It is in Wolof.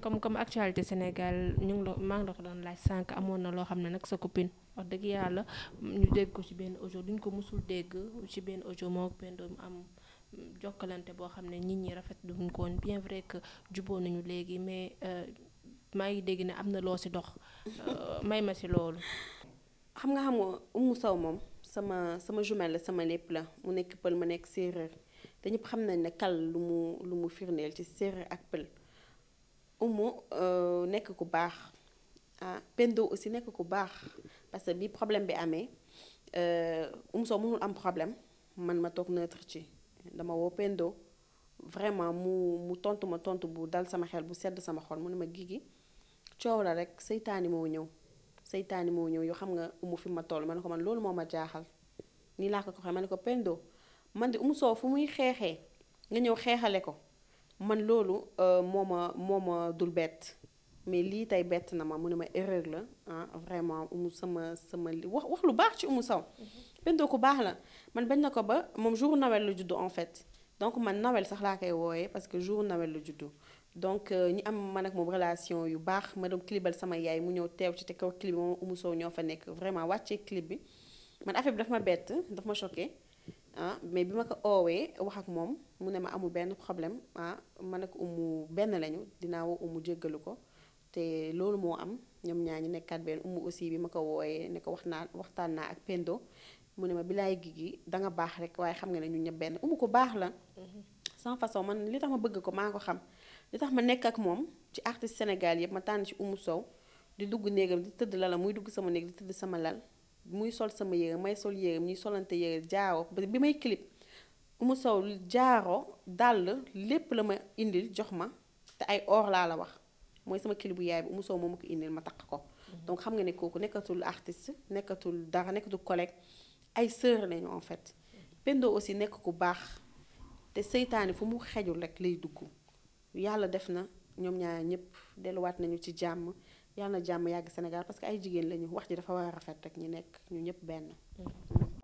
comme comme actualité Sénégal ñu maa ngi la ko doon laaj sànq amoon na loo xam ne nag sa copine wax dëgg yàlla ñu dégg ko ci benn audio duñ ko musul dégg ci benn audio moo benn doom am jokkalante boo xam ne nit ñi rafet duñ ko woon bien vrai que juboo nañu léegi mais euh, maa ngi dégg ne am na loo si dox euh, may ma ci loolu. xam nga xam nga Oumou Sow moom sama sama jumelle la sama lépp la mu nekk pël ma nekk séeréer te ñëpp xam nañ ne kal lu mu lu mu firndeel ci séeréer ak pël. umu euh, nekk ku baax ah Pendo aussi nekk ku baax parce que bi problème bi amee euh, umu soo mënul am problème man ma toog neutre ci dama woo Pendo vraiment mu mu tontu ma tontu bu dal sama xel bu sedd sama xol mu ne ma Guigui coow la rek seytaani moo ñëw seytaani moo ñëw yoo xam nga umu fi ma toll ma ne ko man loolu moo ma jaaxal nii laa ko ko xee ma ne ko Pendo man de umu soo fu muy xeexee nga ñëw xeexale ko. man loolu euh, moo ma moo ma dul bett mais lii tey bett na ma mu ne ma erreur la ah vraiment umu sama sama li wax wax lu baax ci umu saw mhm. bendoo ko baax la man bañ na ko ba moom jour Noël lu juddu en fait donc man nawel sax laa koy wooyee parce que jour Noël lu juddu donc euh, ñi am man ak moom relation yu baax ma doon clipal sama yaay mu ñëw teew ci te kaw clip bi moom umu sow ñoo fa nekk vraiment wàccee clip bi man affaire bi daf ma bett daf ma choqué ah mais bi ma ko oowee wax ak moom mu ne ma amul benn problème ah ma ne ko umu benn lañu dinaa woo umu jéggalu ko te loolu moo am ñoom ñaa ñu nekkaat benn umu aussi bi ma ko wooyee ne ko wax naa waxtaan naa ak Pendo mu ne ma bilaay Guigui da nga baax rek waaye xam nga ne ñu benn umu ko baax la. Mm-hmm. sans façon man li tax ma bëgg ko maa ko xam li tax ma nekk ak moom ci artiste Sénégal yëpp ma tànn ci umu sow di dugg néegam di tëdd lala muy dugg sama néeg di tëdd sama lal. muy sol sama yére may sol yére ñuy solante yére jaaro bi may clip mu sow jaaro dàll lépp la ma indil jox ma te ay or laa la wax mooy sama clip bu yaay bi mu sow moom ma ko indil ma taq ko mhm. donc xam nga ne kooku nekkatul artiste nekkatul dara nekkatul collègue ay sœur lañu en fait mhm. Pendo aussi nekk ku baax te seytaane fu mu xejul rekk lay dugg yàlla def na ñoom ñaar ñëpp delluwaat nañu ci jàmm yàlla na jàmm yàgg Sénégal parce que ay jigéen lañu wax ji dafa war a rafet rek ñu nekk ñu ñëpp benn. Mm-hmm.